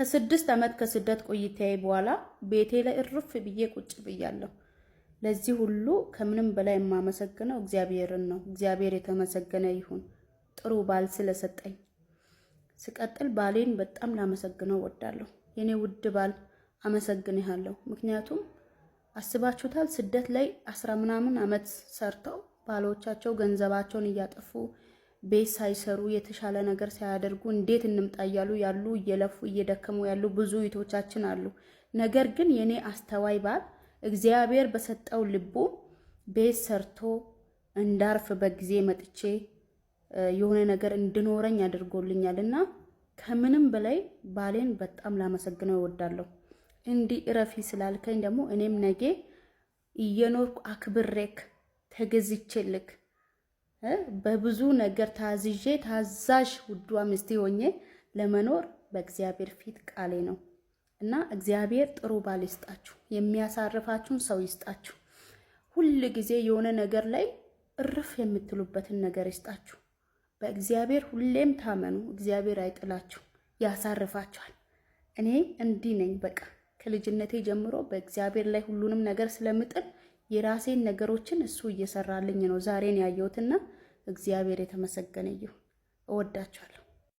ከስድስት ዓመት ከስደት ቆይታዬ በኋላ ቤቴ ላይ እርፍ ብዬ ቁጭ ብያለሁ። ለዚህ ሁሉ ከምንም በላይ የማመሰግነው እግዚአብሔርን ነው። እግዚአብሔር የተመሰገነ ይሁን ጥሩ ባል ስለሰጠኝ። ስቀጥል ባሌን በጣም ላመሰግነው ወዳለሁ። የኔ ውድ ባል አመሰግንሃለሁ። ምክንያቱም አስባችሁታል፣ ስደት ላይ አስራ ምናምን ዓመት ሰርተው ባሎቻቸው ገንዘባቸውን እያጠፉ ቤት ሳይሰሩ የተሻለ ነገር ሳያደርጉ እንዴት እንምጣ እያሉ ያሉ እየለፉ እየደከሙ ያሉ ብዙ እህቶቻችን አሉ። ነገር ግን የእኔ አስተዋይ ባል እግዚአብሔር በሰጠው ልቡ ቤት ሰርቶ እንዳርፍ በጊዜ መጥቼ የሆነ ነገር እንድኖረኝ አድርጎልኛል እና ከምንም በላይ ባሌን በጣም ላመሰግነው እወዳለሁ። እንዲህ እረፊ ስላልከኝ ደግሞ እኔም ነጌ እየኖርኩ አክብሬክ ተገዝቼልክ በብዙ ነገር ታዝዤ ታዛዥ ውዷ ሚስቴ ሆኜ ለመኖር በእግዚአብሔር ፊት ቃሌ ነው እና እግዚአብሔር ጥሩ ባል ይስጣችሁ፣ የሚያሳርፋችሁን ሰው ይስጣችሁ። ሁል ጊዜ የሆነ ነገር ላይ እርፍ የምትሉበትን ነገር ይስጣችሁ። በእግዚአብሔር ሁሌም ታመኑ። እግዚአብሔር አይጥላችሁ፣ ያሳርፋችኋል። እኔ እንዲህ ነኝ። በቃ ከልጅነቴ ጀምሮ በእግዚአብሔር ላይ ሁሉንም ነገር ስለምጥል የራሴን ነገሮችን እሱ እየሰራልኝ ነው ዛሬን ያየሁትና እግዚአብሔር የተመሰገነ ይሁን። እወዳችኋለሁ።